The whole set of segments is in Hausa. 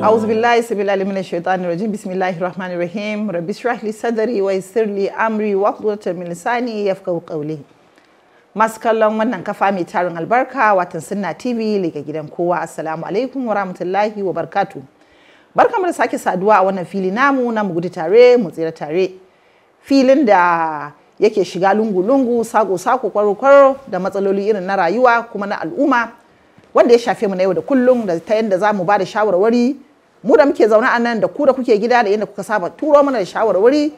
أعوذ بالله السبيل العلي من الشيطان الرجيم بسم الله الرحمن الرحيم رب اشرح لي صدري ويسر لي أمري واقضة من لساني يفقه قولي masu kallon wannan kafa mai tarin albarka watan sunna tv daga gidan kowa assalamu alaikum wa rahmatullahi wa barkatu barkamu da sake saduwa a wannan fili namu na mu gudu tare mu tsira tare filin da yake shiga lungu-lungu sako-sako kwaro-kwaro da matsaloli irin na rayuwa kuma na al'umma wanda ya shafe mu na yau da kullum da ta yadda za mu ba da shawarwari mu da muke zaune a nan da ku da kuke gida da yadda kuka saba turo mana da shawarwari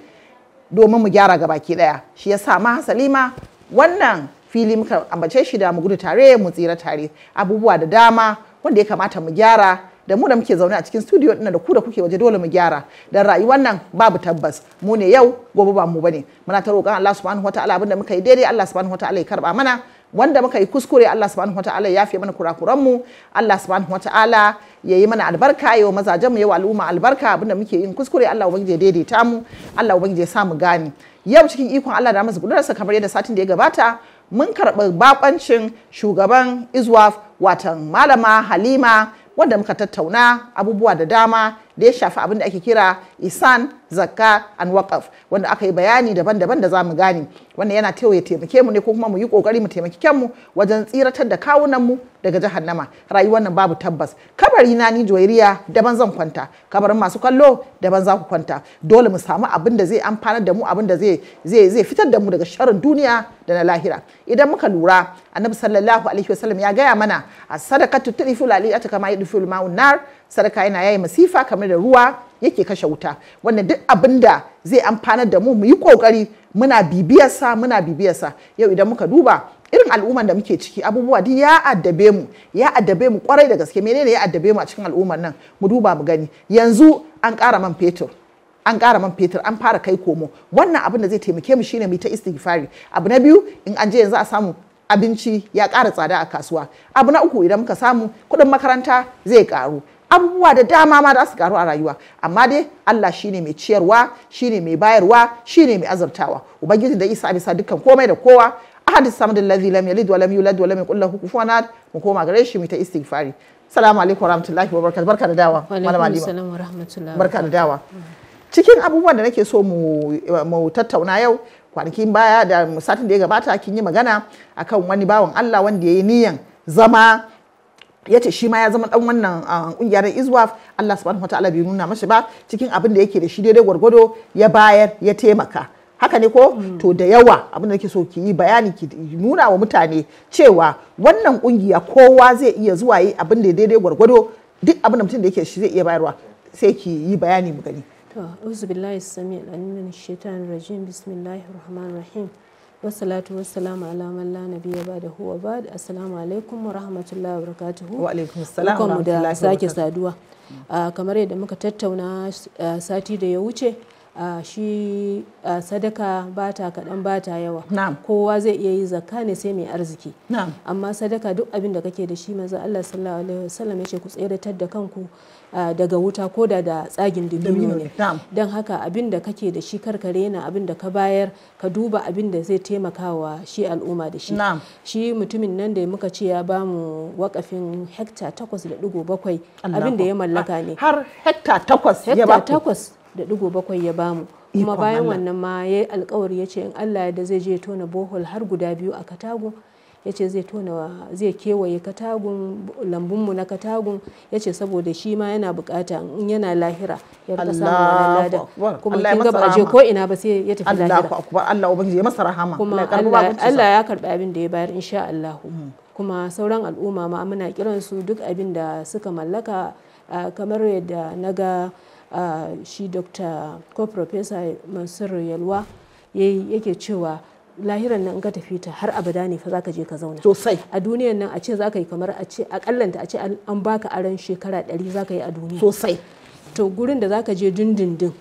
domin mu gyara gaba daya shi yasa ma Salima wannan fili muka ambace shi da mu gudu tare mu tsira tare abubuwa da dama wanda ya kamata mu gyara da mu da muke zaune a cikin studio ɗin da ku da kuke waje dole mu gyara dan rayuwar nan babu tabbas mu ne yau gobe ba mu bane muna ta roƙon Allah subhanahu wataala abinda muka yi daidai Allah subhanahu wataala ya karba mana wanda muka yi kuskure Allah subhanahu wataala ya fi mana kurakuran mu Allah subhanahu wataala ya yi mana albarka ya yi mazajen mu yau al'umma albarka abinda muke yin kuskure Allah ubangiji ya daidaita mu Allah ubangiji ya sa mu gane yau cikin ikon Allah da masa gudunarsa kamar yadda satin da ya gabata mun karɓi bakoncin shugaban izwaf watan malama halima wanda muka tattauna abubuwa da dama da ya shafi abin da ake kira isan zakka an waqaf wanda aka yi bayani daban-daban da zamu gani. wanda yana tewa ya taimake mu ne ko kuma mu yi kokari mu taimaki mu wajen tsiratar da kawunan mu daga jahannama rayuwar nan babu tabbas kabari na ni joyiriya daban zan kwanta kabarin masu kallo daban za ku kwanta dole mu samu abin da zai amfanar da mu abin da zai fitar da mu daga sharrin duniya da na lahira idan muka lura annabi sallallahu alaihi wasallam ya gaya mana as sadaqatu tudiful aliyata kama yudfil ma'un nar sadaka yana yayi masifa kamar da ruwa yake kashe wuta wanda duk abin da zai amfanar da mu mu yi kokari muna bibiyarsa muna bibiyarsa yau idan muka duba irin al'umman da muke ciki abubuwa duk ya addabe mu ya addabe mu kwarai da gaske menene ya addabe mu a cikin al'umman nan mu duba mu gani yanzu an ƙara man fetur an ƙara man fetur an fara kai komo wannan abin da zai taimake mu shine mu ta istighfari abu na biyu in an je yanzu a samu abinci ya kara tsada a kasuwa abu na uku idan muka samu kuɗin makaranta zai ƙaru abubuwa da dama ma za su karu a rayuwa amma dai Allah shine mai ciyarwa shine mai bayarwa shine mai azurtawa ubangiji da Isa bisa dukkan komai da kowa ahad samad allazi lam yalid wa lam yulad wa lam yakul lahu kufuwan ahad mu koma gare shi mu ta istighfari assalamu alaikum warahmatullahi wabarakatuh barka da dawa malama Halima barka da dawa cikin abubuwan da nake so mu tattauna yau kwanakin baya da satin da ya gabata kin yi magana akan wani bawan Allah wanda ya yi niyan zama ya ce shi ma ya zama dan wannan kungiyar ah, izwaf Allah subhanahu wataala bai nuna mashi ba cikin abin da yake da shi daidai gwargwado ya bayar ya taimaka haka ne ko hmm. to da yawa abin da ke so ki yi bayani ki nuna wa mutane cewa wannan kungiya kowa zai iya zuwa yi abin da daidai gwargwado duk abin da mutum da yake shi zai iya bayarwa sai ki yi bayani mu gani to samii shaitan rajim bismillahir rahmanir rahim wasalatu wasalamu ala man la nabiyya ba da huwa ba assalamu alaikum wa rahmatullahi wa barakatuhu wa alaikum assalam da sake saduwa ah, kamar yadda muka tattauna ah, sati da ya wuce A shi a sadaka bata kaɗan bata yawa kowa zai iya yi zakka ne sai mai arziki amma sadaka duk abin da kake da shi maza Allah sallallahu alaihi wasallam ya ce ku tseratar da kanku daga wuta ko da da tsagin dubino ne don haka abin da kake da shi karkare na abin da ka bayar ka duba abin da zai wa shi al'umma da shi shi mutumin nan da muka ce ya bamu wakafin hekta 8.7 abin da ya mallaka ne har hekta 8 ya da digo bakwai ya bamu kuma bayan wannan ma ya yi alkawari ya ce in allah da zai je tona bohol har guda biyu a katago ya ce zai tona zai kewaye katagun lambunmu na katagun ya ce saboda shi ma yana bukata in yana lahira ya rika samun wannan kuma kin ga ba je ko ina ba sai ya tafi lahira Allahu akbar Allah ubangiji ya masa rahama kuma Allah ya karbi abin da ya bayar insha Allah mm. kuma sauran al'umma ma muna kiran su duk abin da suka mallaka kamar yadda naga Ah, shi dr ko professor mansur yalwa yake cewa lahiran nan in ka tafi ta har abada ne fa zaka je ka zauna sosai a duniyar nan a ce zaka yi kamar a ce akallanta a ce an baka aran shekara 100 zaka yi a duniya sosai to gurin da zaka je dindindin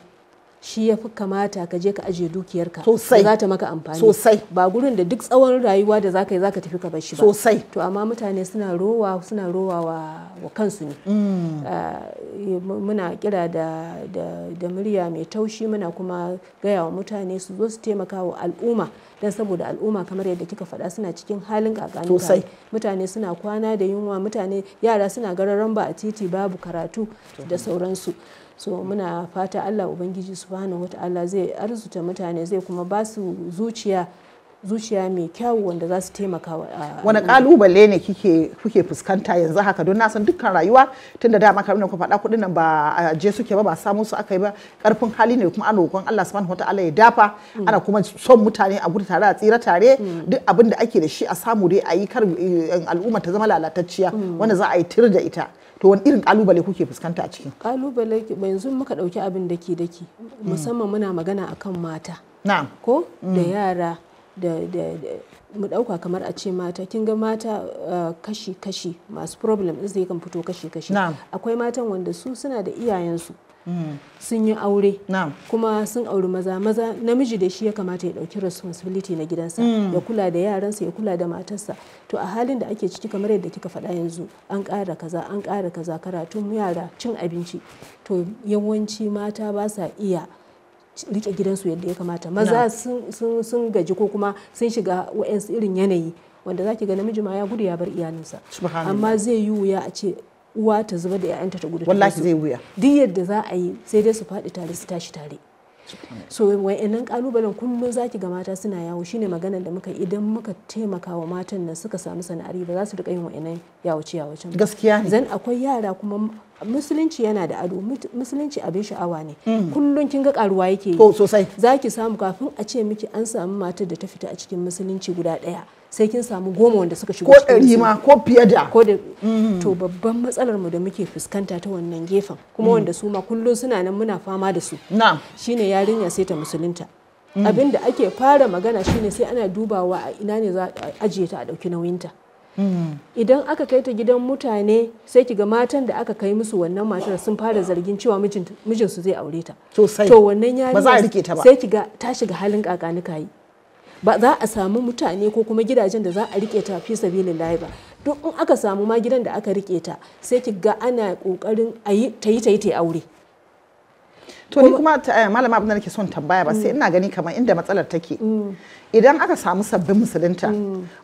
shi ya fi kamata ka je ka ajiye dukiyarka sosai za ta maka amfani sosai ba gurin da duk tsawon rayuwa da za zaka yi ka tafi ka bar shi ba sosai to amma mutane suna rowa suna rowa wa, kansu ne mm. ah, eh, muna kira da da, da murya mai taushi muna kuma gaya wa mutane su zo su taimaka wa al'umma don saboda al'umma kamar yadda kika faɗa suna cikin halin kakanuka mutane suna kwana da yunwa mutane yara suna gararan ba a titi babu karatu da sauransu so muna fata allah ubangiji subhanahu wata'ala zai arzuta mutane zai kuma ba su zuciya zuciya mai kyau wanda za su taimaka wa ah, wani kalubale ne kike kuke fuskanta yanzu haka don na san dukkan rayuwa tunda da maka ku faɗa kuɗin nan ba a je suke ba ba samu su aka yi ba karfin hali ne kuma ana roƙon Allah subhanahu wataala ya dafa mm. ana kuma son mutane a gudu tare a tsira tare mm. duk abin da ake da shi a samu dai a yi kar eh, eh, al'umma ta zama lalatacciya mm. wanda za a yi tir da ita to wani irin kalubale kuke fuskanta a cikin kalubale yanzu muka ɗauki abin daki daki musamman muna magana akan mata Na. ko da yara da, da, mu dauka kamar a ce mata kin ga mata kashi-kashi eh, masu problem din zai kan fito kashi-kashi akwai matan wanda su suna da iyayensu mm. sun yi aure kuma sun auri maza maza namiji da shi ya kamata ya dauki responsibility na gidansa mm. ya kula da yaransa ya kula da matarsa to a halin da ake ciki kamar yadda kika faɗa yanzu an ƙara kaza an ƙara kaza karatun yara cin abinci to yawanci mata ba sa iya rike gidansu yadda ya kamata maza sun gaji ko kuma sun shiga wa'yansu irin yanayi wanda zaki ga namiji ma ya gudu ya bar iyalinsa amma zai yi wuya a ce uwa ta zuba da 'ya'yanta ta gudu wallahi zai wuya duk yadda za a yi sai dai su faɗi tare su tashi tare so wa'annan kalubalen kullum zaki ga mata suna yawo shine maganar da muka idan muka taimaka wa matan nan suka samu sana'ari ba za su rika yin wa'annan yawace yawacen gaskiya ne zan akwai yara kuma musulunci yana da ado musulunci abin sha'awa ne hmm. kullum kin ga karuwa yake yi sosai zaki samu kafin a ce miki an samu matar da ta fita a cikin musulunci guda daya sai kin samu goma wanda suka shigo ko ɗari ma ko fiye da ko da hmm. to babban matsalar mu da muke fuskanta ta wannan gefen kuma hmm. wanda su ma kullum suna nan muna fama da su na'am shine yarinya sai ta musulunta abin da ake fara magana shine sai ana dubawa a ina ne za a ajiye ta a ɗauki nauyinta idan aka kai ta gidan mutane sai kiga matan da aka kai musu wannan matar sun fara zargin cewa mijinsu zai aure ta to wannan yarinya sai kiga ta shiga halin kakanuka yi ba za a samu mutane ko kuma gidajen da za a rike ta fi sabilin layi ba duk in aka samu ma gidan da aka rike ta sai ki ga ana kokarin a yi ta yi ta aure to ni kuma eh, malama abin da nake son tambaya ba sai ina gani kamar inda matsalar take idan aka samu sabbin musulunta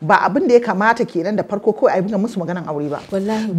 ba abin da ya kamata kenan da farko kawai a buga musu maganan aure ba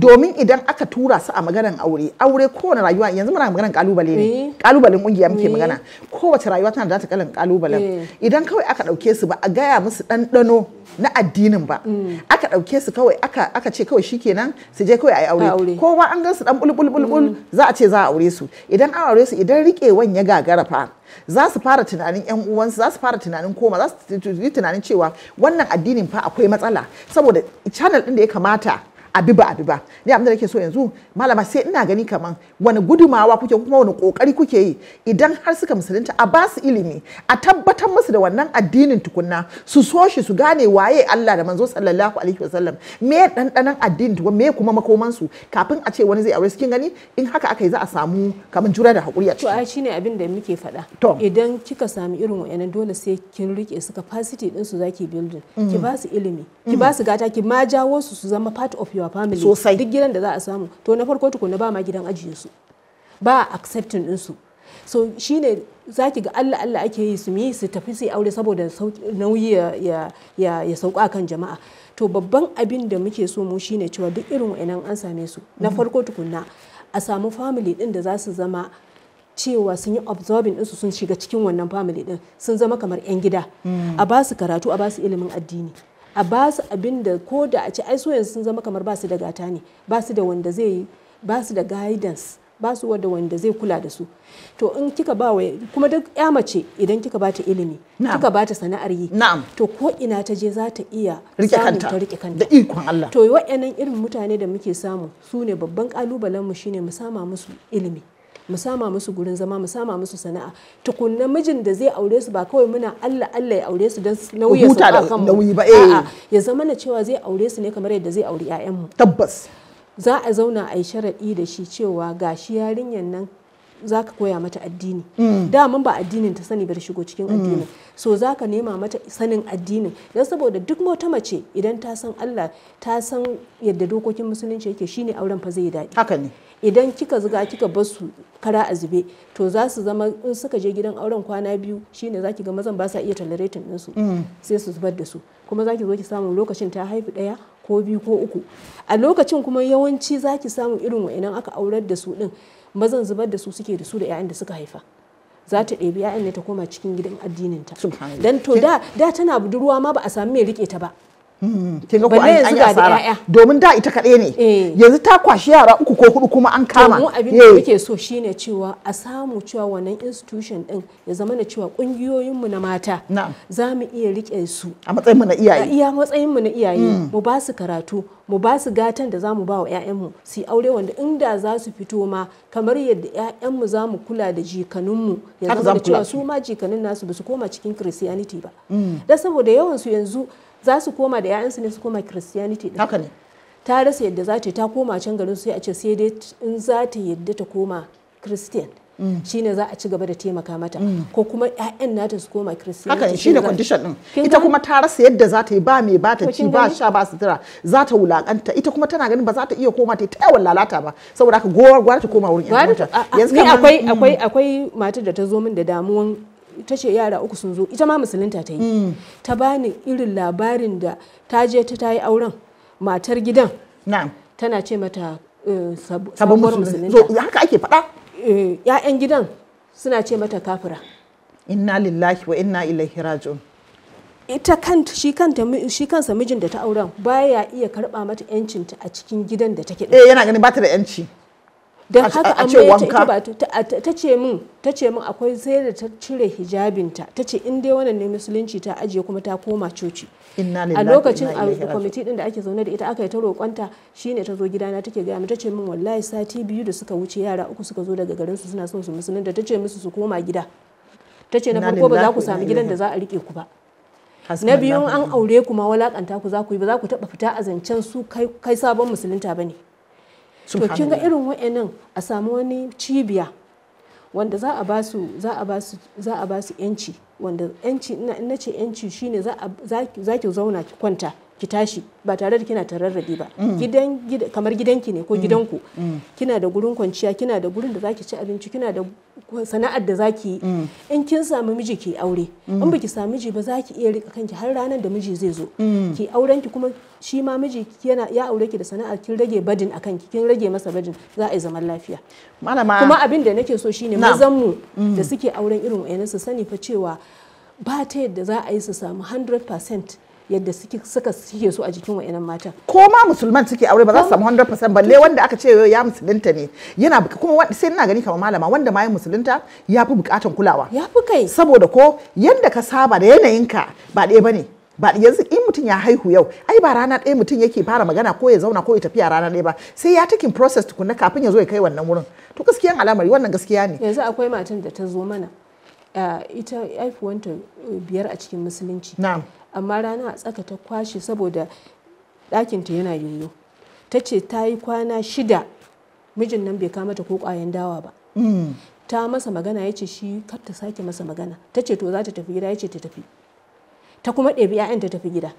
domin idan aka tura su a maganan aure aure kowane rayuwa yanzu muna maganan kalubale ne kalubalen eh. kungiya muke eh. magana kowace rayuwa tana da ta kalan kalubalen idan kawai aka dauke su ba a gaya musu ɗanɗano na addinin ba mm. aka ɗauke su kawai aka ce kawai shikenan su je kawai a yi aure kowa an gan su dan bulbulbulbul mm. za a ce za a aure su idan an aure su idan riƙewan ya gagara fa za su fara tunanin yan uwansu za su fara tunanin koma za su yi tunanin cewa wannan addinin fa akwai matsala saboda channel ɗin da ya kamata Abiba Abiba ni abin da nake so yanzu malama sai ina gani kaman wani gudumawa kuke kuma wani kokari kuke yi idan har suka musulunta a ba su ilimi a tabbatar musu da wannan addinin tukunna su so shi su gane waye Allah da manzo sallallahu alaihi wasallam me dandanan addinin tukun me kuma makoman su kafin a ce wani zai aure kin gani in haka aka yi za a samu kaman jura da hakuri a ciki to ai shine abin da muke faɗa idan kika samu irin wayannan dole sai kin rike su capacity din su zaki building ki mm. ba su ilimi ki mm. ba su gata ki ma jawo su su zama part of your family sosai duk gidan da za a samu to na farko tukuna ba ma gidan ajiye su ba accepting din su so shine zaki ga Allah Allah ake yi su mi su tafi su aure saboda nauyi ya ya ya sauka kan jama'a to babban abin da muke so mu shine cewa duk irin wayanan an same su na farko tukunna a samu family din da za su zama cewa sun yi absorbing ɗinsu sun shiga cikin wannan family din sun zama kamar 'yan gida mm. a ba su karatu a ba su ilimin addini a ba su abin da ko da a ce ai so yanzu sun zama kamar ba su da gata ne ba su da wanda zai yi ba su da guidance ba su da wanda zai kula da su to in kika ba wa kuma duk ya mace idan kika ba ta ilimi kika ba ta sana'ar yi to ko ina ta je za ta iya samu ta rike kanta da Allah to waɗannan irin mutane da muke samu su ne babban kalubalen mu shine mu sama musu ilimi mu sama musu gurin zama mu sama musu sana'a tukunna mijin da zai aure su ba kawai muna Allah Allah ya aure su don nauyi su a kan ya zama na cewa zai aure su ne kamar yadda zai aure 'ya'yan mu tabbas za a zauna a yi sharaɗi da shi cewa ga shi yarinyar nan za ka koya mata addini mm. Da mun ba addinin ta sani ba da shigo cikin mm. addini so za ka nema mata sanin addinin don saboda duk mota mace idan ta san Allah ta san yadda dokokin musulunci yake shine auren fa zai daɗi haka ne idan kika zuga kika bar su kara a zube to za su zama in suka je gidan auren kwana biyu shine zaki ga mazan ba sa iya tolerating din su mm. sai su zubar da su kuma zaki zo ki samu lokacin ta haifi daya ko biyu ko uku a lokacin kuma yawanci zaki samu irin wa'inan aka aurar da su din mazan zubar da su suke da su da 'ya'yan da suka haifa za ta ɗebi 'ya'yan ne ta koma cikin gidan addininta don to da tana budurwa ma ba a sami mai rike ta ba kin ga ko an yi asara domin da ita kaɗai ne eh. yanzu ta kwashi yara uku ko hudu kuma an kama mu abin da eh. muke so shine cewa a samu cewa wannan institution din ya zama na cewa kungiyoyin mu na mata za mu iya rike su a matsayin mu na iyaye iya matsayin mu na iyaye mm. mu ba su karatu mu ba su gatan da za mu ba wa 'ya'yanmu su aure wanda inda za su fito ma kamar yadda 'ya'yanmu za mu kula da jikanunmu ya zama da cewa su ma jikanun nasu ba su koma cikin christianity ba mm. da saboda yawan su yanzu za su koma da 'ya'yansu ne su koma christianity din haka ne ta rasa yadda za ta yi ta koma can garin sai a ce sai dai in za ta yadda ta koma christian mm. shine za a ci gaba da taimaka mata mm. ko kuma 'ya'yan nata su koma christian haka shine condition din ita kuma ta rasa yadda za ta yi ba mai ba ta ci ba sha ba sutura za ta wulakanta ita kuma tana ganin ba za ta iya koma ta ta yawan lalata ba saboda haka gwara ta koma wurin yanzu akwai mm. akwai akwai matar da ta zo min da damuwan ta ce yara uku sun zo ita ma musulunta ta yi mm. ta bani irin labarin da ta je ta ta yi auren matar gidan tana ce mata eh, sabuwar musulunta haka ake faɗa eh, ya'yan gidan suna ce mata kafira inna lillahi wa inna ilaihi raji'un ita kanta shi kanta shi kansa mijin da ta auren baya iya karba mata yancinta a cikin gidan da take eh yana ganin bata da yanci don haka an mayar ita ba ta ce min ta ce min akwai sai da ta cire hijabinta ta ce in dai wannan ne musulunci ta ajiye kuma ta koma coci a lokacin a kwamiti din da ake zaune da ita aka yi ta roƙonta shine ta zo gidana take gaya ta ce min wallahi sati biyu da suka wuce yara uku suka zo daga garin su suna son su musulunta ta ce musu su koma gida ta ce na farko ba za ku sami gidan da za a rike ku ba na biyu an aure ku ma walakanta ku za ku yi ba za ku taba fita a zancen su kai sabon musulunta ba ne to kin ga irin wa'annan a samu wani cibiya wanda za a basu za a basu za a basu yanci wanda yanci ina ce yanci shine za za ki zauna ki kwanta ki tashi ba tare da kina tararrabe ba mm. gidan kamar gidanki ne ko mm. gidanku mm. kina da gurin kwanciya kina da gurin da zaki ci abinci kina da sana'ar da zaki yi mm. in kin samu miji ki aure in mm. baki samu miji ba zaki iya rika kanki har ranar da miji zai zo mm. ki auren ki kuma shi ma miji yana ya aure ki da sana'ar kin rage badin akan ki kin rage masa badin za a yi zaman lafiya malama kuma abin da nake so shine mazan mu da suke auren irin wayannan su sani fa cewa ba ta yadda za a yi su samu 100% yadda suke suka suke so a jikin wayannan matan ko ma musulman suke aure ba za su samu 100% balle wanda aka ce ya musulunta ne yana kuma sai ina gani kamar malama wanda ma ya musulunta ya fi bukatan kulawa ya fi kai saboda ko yanda ka saba da yanayinka ba ɗaya bane ba yanzu in mutum ya haihu yau ai ba rana ɗaya mutum yake fara magana ko ya zauna ko ya tafiya rana ɗaya ba sai ya takin process tukunna kafin ya zo ya kai wannan wurin to gaskiyan al'amari wannan gaskiya ne yanzu akwai matan da ta zo mana eh, ita haifuwanta biyar a cikin musulunci na'am amma rana a tsaka ta kwashe saboda ɗakinta yana yoyo ta ce ta yi kwana shida mijin nan bai kamata ko ƙwayan dawa ba mm. ta masa magana ya ce shi kar ta sake masa magana ta ce to za ta tafi gida ya ce ta tafi ta kuma ɗebi 'ya'yan ta tafi gida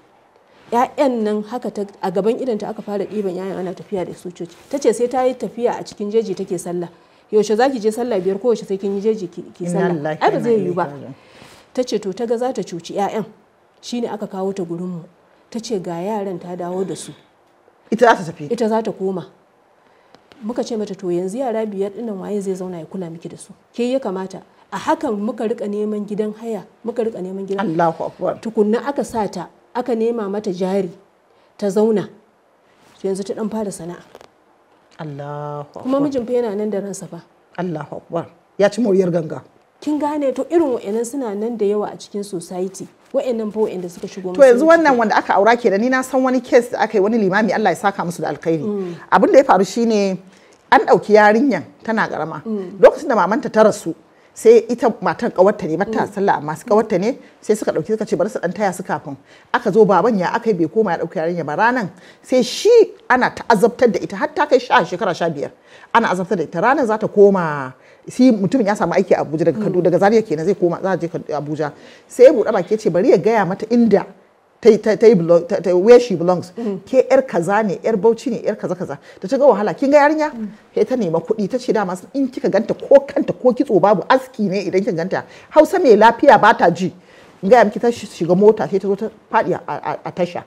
'ya'yan nan haka a gaban idanta aka fara ɗiban 'ya'yan ana tafiya da su coci ta ce sai ta yi tafiya a cikin jeji take sallah yaushe za ki je sallah biyar ko yaushe sai kin yi jeji ki sallah ai ba zai yiwu ba ta ce to ta ga za ta cuci 'ya'yan shine aka kawo ta gurinmu ta ce ga yaran ta dawo da su ita za ta tafi ita za ta koma muka ce mata to yanzu yara biyar dinnan waye zai zauna ya kula miki da su ke ya kamata a hakan muka rika neman gidan haya muka rika neman gidan Allahu akbar tukunna aka sa ta aka nema mata jari ta zauna yanzu ta dan fara sana'a Allahu akbar kuma mijin fa yana nan da ransa fa Allahu akbar ya ci moriyar ganga kin gane to irin wa'annan suna nan da yawa a cikin society wa'annan fa wa'anda suka shigo to yanzu wannan wanda aka aura ke da ni na san wani case da aka yi wani limami Allah ya saka musu da alkhairi mm. abin da ya faru shine an ɗauki yarinyan tana karama mm. lokacin da mamanta ta rasu sai ita matan kawarta ne mata mm. sallah amma su kawarta ne sai suka dauki suka ce bari su dan taya su kafin aka zo baban ya aka bai koma ya dauki yarinya ba ranan sai shi ana azabtar da ita har ta kai sha shekara sha biyar ana azabtar da ita ranan za ta koma si mutumin ya samu aiki a Abuja daga Kaduna mm. daga Zaria kenan zai koma za a je Abuja sai ya buɗe baki ya ce bari ya gaya mata inda ta ta where she belongs mm. ke yar kaza ne yar bauchi ne yar kaza kaza ta ta ga wahala kin ga yarinya mm. sai ta nema kuɗi ta ce dama in kika ganta ko kanta ko kitso babu aski ne idan kin ganta Hausa mai lafiya ba ta ji in ga miki ta shiga mota sai ta zo ta faɗi a tasha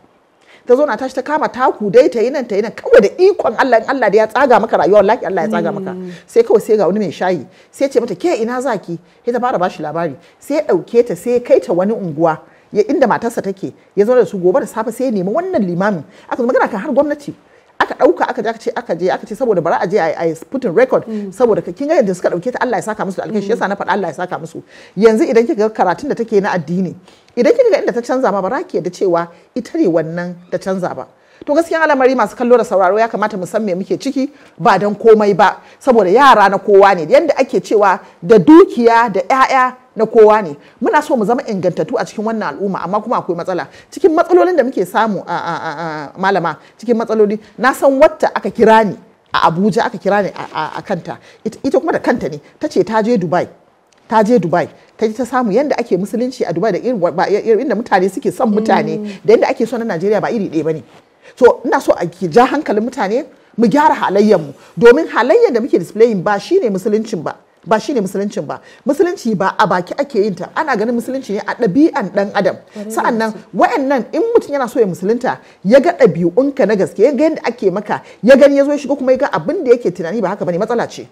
ta zo na tashi ta kama taku dai ta yi nan ta yi nan kawai da ikon Allah in Allah da ya tsaga maka rayuwa wallahi Allah ya tsaga maka mm. sai kawai sai ga wani mai shayi sai ce mata ke ina zaki sai ta fara bashi labari sai ya dauke ta sai kai ta wani unguwa ya inda matarsa take ya zo da su gobe da safe sai ya nemi wannan limamin aka magana kan har gwamnati aka ɗauka aka je aka ce aka je aka ce saboda bara a je a yi putin record mm. saboda kin ga yadda suka dauke ta Allah ya saka musu alkai mm. yasa na faɗa Allah ya saka musu yanzu idan kika ga karatun da take na addini idan kika ga inda ta canza ma ba za ki yadda cewa ita ne wannan ta canza ba to gaskiya alamari masu kallo da sauraro ya kamata mu san me muke ciki ba dan komai ba saboda yara na kowa ne yadda ake cewa da dukiya da 'ya'ya na kowa ne muna so mu zama ingantattu a cikin wannan al'umma amma kuma akwai matsala cikin matsalolin da muke samu a malama cikin matsaloli na san wata aka kira ni a abuja aka kira ni a kanta ita kuma da kanta ne ta ce ta je dubai ta je dubai ta ji ta samu yadda ake musulunci a dubai da irin inda mutane suke son mutane mm. da yadda ake so na najeriya ba iri ɗaya ba ne so ina so a ja hankalin mutane mu gyara halayyarmu domin halayyar da muke displaying ba shine musuluncin ba ba shine musuluncin ba musulunci ba a baki ake yin ta ana ganin musulunci ne a ɗabi'an ɗan adam sa'annan waannan in mutum yana so ya musulunta ya ga ɗabi'unka na gaske ya ga yadda ake maka ya gani ya zo ya shiga kuma ya ga abin da yake tunani ba haka bane matsala ce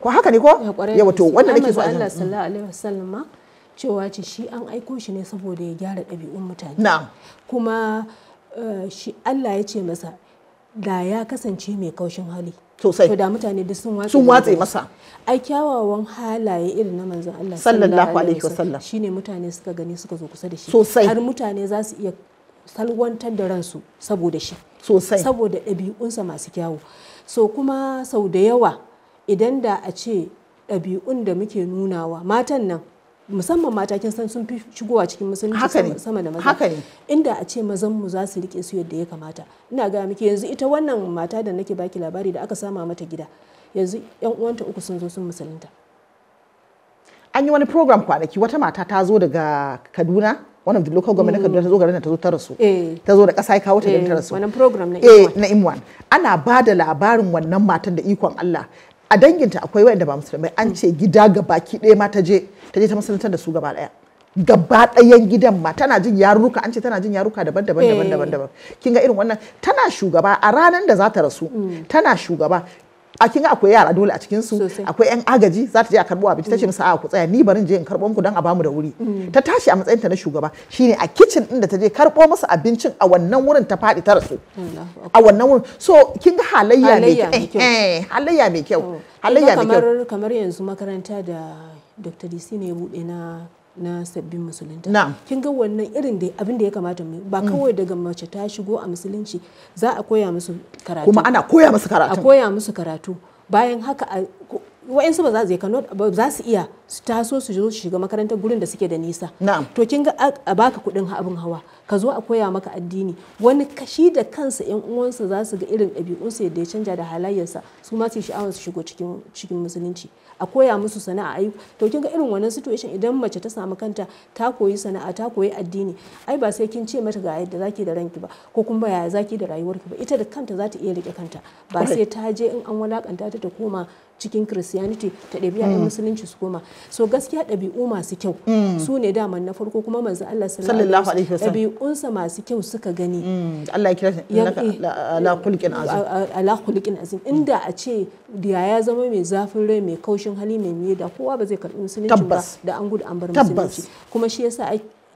ko haka ne ko eh, yawa to wanda nake so Allah sallallahu alaihi wasallam cewa ce shi an aiko shi ne saboda ya gyara ɗabi'un mutane na'am kuma eh, shi Allah ya ce masa da ya kasance mai kaushin hali sosai to da mutane duk sun watse sun watse masa ai kyawawan halaye irin na manzon Allah sallallahu alaihi wasallam shine mutane suka gani suka zo kusa da shi sosai har mutane za su iya salwantar da ransu saboda shi sosai saboda ɗabi'unsa masu kyawu so kuma sau da yawa idan da a ce ɗabi'un da muke nunawa matan nan musamman mata kin san sun fi shigowa cikin musulunci sama da maza inda a ce mazan mu za su rike su yadda ya kamata ina ga miki yanzu ita wannan mata da nake baki labari da aka sama mata gida yanzu yan uwanta uku sun zo sun musulunta an yi wani program kwanaki wata mata ta zo daga Kaduna one of the local government Kaduna ta zo garin ta zo ta rasu eh. ta zo da kasa ya kawo ta garin ta eh, rasu wannan program na eh, Imwan ana ba da labarin wannan matan da ikon Allah a danginta akwai wanda ba musulmai an ce gida gabaki ɗaya ma ta je ta je ta masalantar da su gaba ɗaya gaba ɗayan gidan ma tana jin yaruka an ce tana jin yaruka daban-daban daban-daban eh. daban kin ga irin wannan tana shugaba a ranar da za ta rasu mm. tana shugaba a kin akwai yara dole a cikin su akwai yan agaji za ta je a karbo abinci ta mm. musu a ku tsaya ni barin je in karbo muku dan a bamu da wuri mm. ta tashi a matsayin ta na shugaba shine a kitchen din da ta je karbo musu abincin a wannan wurin ta fadi ta rasu a wannan wurin so kin ga halayya mai kyau halayya mai kyau eh, halayya mai kyau oh. kamar yanzu makaranta da Dr. DC ne ya bude na na sabbin musulunta na'am kin ga wannan irin da abin da ya kamata mu ba mm. kawai daga mace ta shigo a musulunci za a koya musu karatu kuma ana koya musu karatu a koya musu karatu bayan haka wa'insu ba za su za su iya su taso su zo su shiga makarantar gurin da suke da nisa to kin ga a baka kudin abin hawa ka zo a koya maka addini wani kashi da kansa yan uwansa za su ga irin ɗabi'unsa yadda ya canja da halayyarsa su ma su sha'awar su shigo cikin cikin musulunci a koya musu sana'a ayu to kin ga irin wannan situation idan mace ta samu kanta ta koyi sana'a ta koyi addini ai ba sai kin ce mata ga yadda zaki da ranki ba ko kuma ya zaki da rayuwarki ba ita da kanta za ta iya rike kanta ba sai ta je in an walakanta ta ta koma cikin christianity ta ɗabi'a yayan mm. musulunci su koma so gaskiya ɗabi'u masu kyau mm. su ne daman na farko kuma manzo Allah sallallahu alaihi wasallam ɗabi'unsa masu kyau suka gani mm. Allah ya kira eh, ala khulqin azim ala khulqin azim inda a ce da ya zama mai zafin rai mai kaushin hali mai miye da kowa ba zai karɓi musulunci ba da an gudu an bar musulunci kuma shi yasa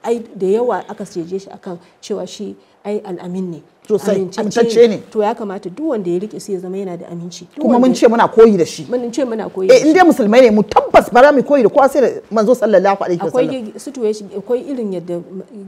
ai da yawa aka seje shi akan cewa shi ai al'amin ne amintacce ne to ya kamata duk wanda ya rike sai ya zama yana da aminci kuma mun ce muna koyi da shi mun ce muna koyi eh inda musulmai ne mu tabbas ba za mu koyi da kowa sai da manzo sallallahu alaihi wasallam akwai situation akwai irin yadda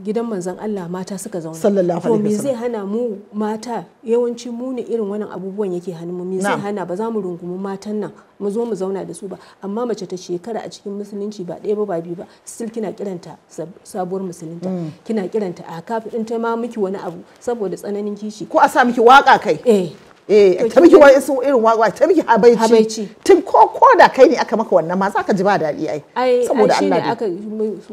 gidan manzon Allah mata suka zauna sallallahu alaihi wasallam to me zai hana mu mata yawanci mu ne irin wannan abubuwan yake hannun mu me zai hana ba za mu rungumi matan nan mu zo mu zauna da su ba amma mace ta shekara a cikin musulunci ba ɗaya ba ba biyu ba still kina kiranta sabuwar musulunta mm. kina kiranta a ah, kafin ta ma miki wani abu saboda tsananin kishi ko a sa miki waka kai eh eh ta miki wani irin waka ta miki habaici tun ko ko da kai ne aka maka wannan ma zaka ji ba daɗi ai saboda Allah ne aka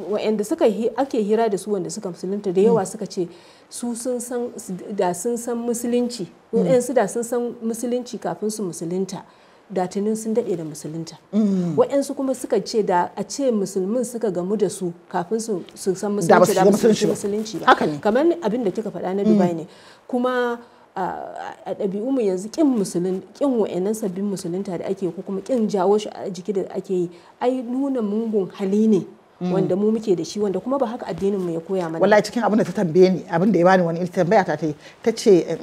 wa'anda suka ake hira da su wanda suka musulunta da yawa suka ce su sun san da sun san musulunci hmm. su da sun san musulunci kafin su musulunta da tunin sun daɗe da musulunta mm. Wa'yansu kuma suka ce da a ce musulmin suka gamu da su kafin su san musulunci da musulunci ba kamar abin da kika faɗa na dubai mm. ne kuma a mu yanzu ƙin musulun ƙin wa'annan sabbin musulunta da ake ko kuma ƙin jawo shi a jiki da ake yi ai nuna mungun hali ne mm. wanda mu muke da shi wanda kuma ba haka addinin mu ya koya mana wallahi cikin abin da ta tambaye ni abin da ya bani wani tambaya ta ta ce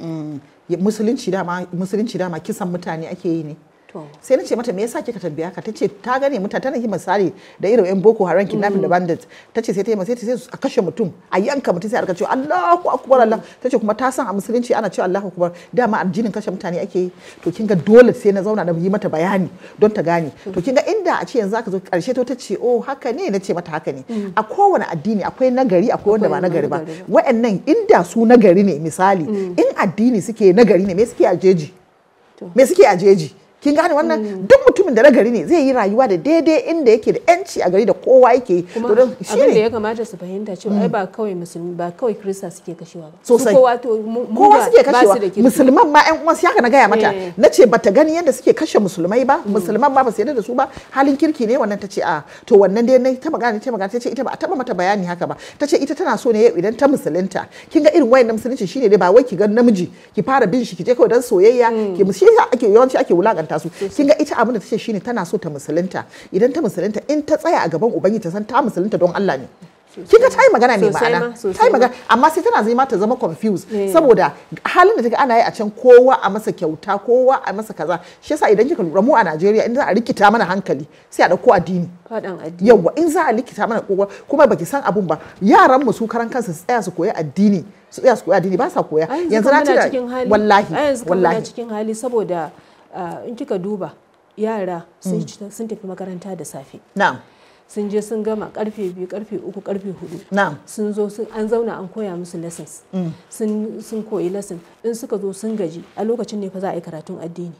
musulunci dama musulunci dama kisan mutane ake yi ne sai na ce mata me yasa kika tambaya ka tace ta gane mutane tana yi misali da irin yan boko haram kidnapping da mm. bandits tace sai ta yi sai ta sai a kashe mutum a yanka mutum sai a rika Allahu akbar Allah tace kuma ta san a musulunci ana cewa Allahu akbar dama addinin kashe mutane ake yi to kin ga dole sai na zauna na yi mata bayani don ta gane mm. to kin ga inda a ce yanzu zaka zo karshe to tace oh haka ne na ce mata haka ne mm. a kowane addini akwai nagari akwai wanda ba nagari ba wa'annan inda su nagari ne misali in addini suke nagari ne me suke ajeji. me suke a kin gane wannan mm. duk mutumin da na gari ne zai yi rayuwa da daidai inda yake da yanci a gari da kowa yake kuma abin da ya kamata su fahimta cewa ai mm. ba kawai musulmi ba kawai krista suke kashewa ba sosai kowa kowa suke kashewa musulman ma yan uwan siyaka na gaya mata eh. nace bata gani yadda suke kashe musulmai ba mm. musulman ma ba su yarda da su ba halin kirki ne wannan tace a to wannan dai nayi ta magana ta magana tace ita ba a taba mata bayani haka ba tace ita tana so ne idan ta musulunta kin ga irin wayannan musulunci shine dai ba wai ki ga namiji ki fara bin shi ki je kawai dan soyayya ki musulunci ake yawanci ake wulakanta musulunta su kin ga ita abin da tace shine tana so ta musulunta idan ta musulunta in ta tsaya a gaban ubangiji ta san ta musulunta don Allah ne kika ta yi magana ne ma'ana ta yi magana amma sai tana zai ta zama confused eh. saboda halin da take ana yi a can kowa a masa kyauta kowa a masa kaza shi yasa idan kika lura mu a Najeriya in za a rikita mana hankali sai a dauko addini yawa in za a rikita mana kowa kuma baki san abun ba yaran mu su karan kansu su tsaya su koyi addini su tsaya su koyi addini ba sa koya yanzu na hali wallahi wallahi cikin hali saboda Ah, in kika duba yara sun mm. tafi makaranta da safe sun je sun gama karfe biyu karfe uku karfe hudu sun zo an zauna an koya musu lessons mm. sun koyi lesson in suka zo sun gaji a lokacin ne fa za a yi karatun addini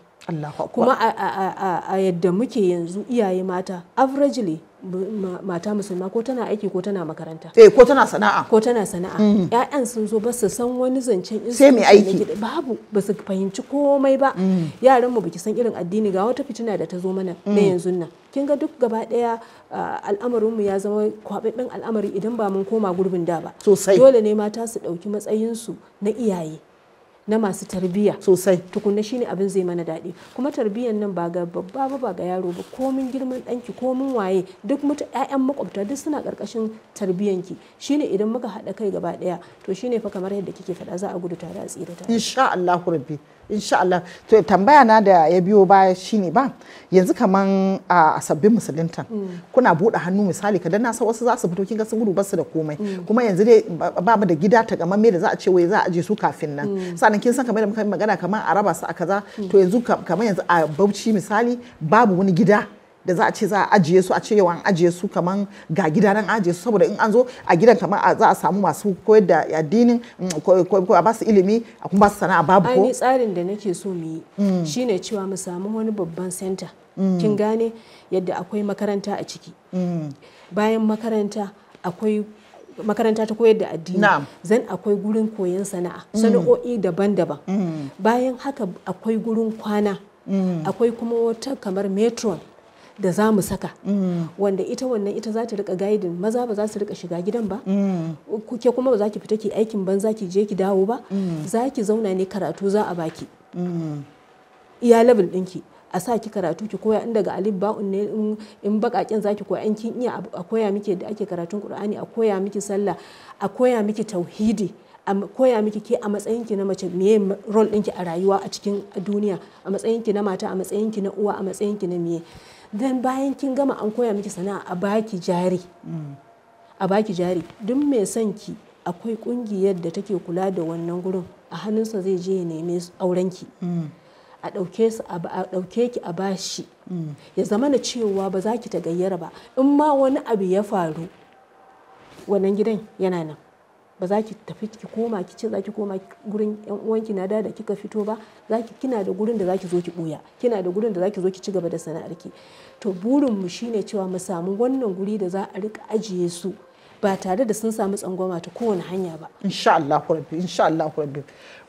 kuma a yadda muke yanzu iyaye mata averagely mata musulma ko tana aiki ko tana makaranta eh ko tana sana'a ko tana sana'a ƴaƴan mm-hmm. sun zo ba su san wani zancen sai mai aiki babu ba su fahimci komai ba mm-hmm. yaran mu biki san irin addini ga wata fitina da ta zo mana na mm-hmm. yanzu nan kin ga duk gaba daya al'amarin mu ya zama kwababben al'amari idan ba mun koma gurbin da ba sosai dole ne mata su dauki matsayin su na iyaye na masu tarbiyya sosai tukunna shine abin zai mana daɗi kuma tarbiyyan nan ba ga babba ba ba ga yaro ba komin girman ɗanki komin waye duk mutu ƴaƴan makwabta duk suna ƙarƙashin tarbiyyanki shine idan muka haɗa kai gaba ɗaya to shine fa kamar yadda kike faɗa za a gudu tare a tsira tare insha Allahu rabbi insha Allah to tambaya na da ya biyo baya shine ba yanzu kaman a sabbin musulunta mm. kuna bude hannu misali kadan na san wasu za su fito kinga sun gudu basu da komai mm. kuma yanzu dai ba mu da gida ta kaman me da za a ce wai za a aje su kafin nan mm. sannan kin san kamar da muka magana kaman a raba su a kaza to yanzu kaman yanzu a Bauchi misali babu wani gida da za a ce za a ajiye su a ce yawan ajiye su kaman ga gida nan ajiye su saboda in an zo a gidan kamar za a samu masu koyar da addinin mm, ko a basu ilimi a kuma basu sana'a babu ko ai tsarin da nake so mu yi mm. shine cewa mu samu wani babban senta. Mm. kin gane yadda akwai makaranta a ciki bayan makaranta akwai makaranta ta koyar da addini zan akwai gurin koyon sana'a sana'o'i daban-daban bayan haka akwai gurin kwana akwai kuma wata kamar metron da za mu saka mm. wanda ita wannan ita za ta rika gaidin maza ba za su rika shiga gidan ba mm. Kuke kuma ba za ki fita ki aikin ban za ki je ki dawo ba mm. za ki zauna ne karatu za a baki iya labin ɗinki a sa ki karatu ki koya inda ga alif ba'un ne in bakakin zaki koya in kin iya a koya miki da ake karatun qur'ani a koya miki sallah a koya miki tauhidi a koya miki ke a matsayin ki na mace meye role ɗinki a rayuwa a cikin duniya a matsayin ki na mata a matsayin ki na uwa a matsayin ki na miye dan bayan kin gama an koya miki sana'a a baki jari a baki jari duk mai son ki akwai kungiyar da take kula da wannan gurin a hannunsa zai je ya neme ki a ɗauke ki a bashi ya zama na cewa ba za ki ta gayyara ba in ma wani abu ya faru wannan gidan yana nan ba za ki tafi ki koma ki ce za ki koma gurin yan uwanki na da da kika fito ba za ki kina da gurin da za ki zo ki buya kina da gurin da za ki zo ki ci gaba da sana'arki to burin mu shine cewa mu samu wannan guri da za a rika ajiye su ba tare da sun samu tsangwama ta kowane hanya ba insha Allah rabbi insha Allah rabbi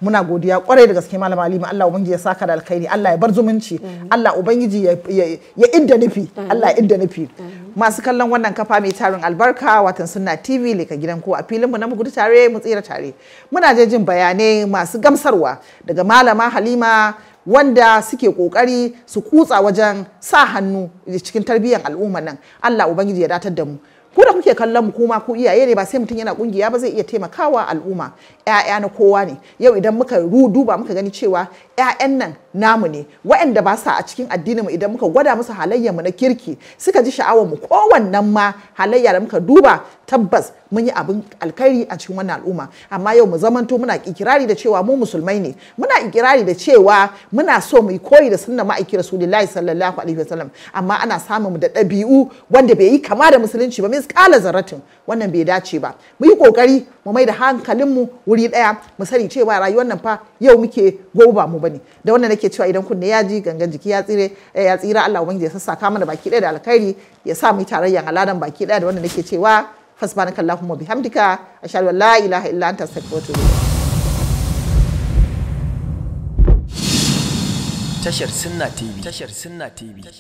muna godiya kwarai da gaske malama Halima Allah ubangiji ya saka da alkhairi Allah ya bar zumunci Allah ubangiji ya inda nufi Allah ya inda nufi masu kallon wannan kafa mai tarin albarka watan sunna tv leka gidan ku. a filinmu na mugudu tare mu tsira tare muna je jin bayanai masu gamsarwa daga malama halima wanda suke kokari su kutsa wajen sa hannu cikin tarbiyyar al'umma nan allah ubangiji ya datar da mu ku da kuke kallon mu kuma ku iyaye ne ba sai mutum yana kungiya ba zai iya taimakawa al'umma 'Ya'ya na kowa ne yau idan muka duba muka gani cewa 'ya'yan nan namu ne waɗanda ba sa a cikin addinin mu idan muka gwada musu halayyar mu na kirki suka ji sha'awar mu kowannen ma halayya da muka duba tabbas mun yi abin alkhairi a cikin wannan al'umma amma yau mu zamanto muna ikirari da cewa mu musulmai ne muna ikirari da cewa muna so mu yi koyi da sunna ma'aiki rasulullahi sallallahu alaihi wasallam amma ana samun da ɗabi'u wanda bai yi kama da musulunci ba mis kala zaratin wannan bai dace ba mu yi kokari mu mai da hankalinmu wuri ɗaya mu sani cewa rayuwar nan fa yau muke goba mu bane da wannan nake cewa idan kunne ya ji gangan jiki ya tsire eh, ya tsira Allah ubangiji ya sassaka mana baki ɗaya da alkhairi ya sa mu tarayyan aladan baki ɗaya da wanda nake cewa fasbanaka Allahumma bihamdika ashhadu an la ilaha illa anta astaghfiruka wa atubu Tashar Sunna TV. Tashar Sunna TV.